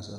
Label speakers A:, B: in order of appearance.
A: 还是。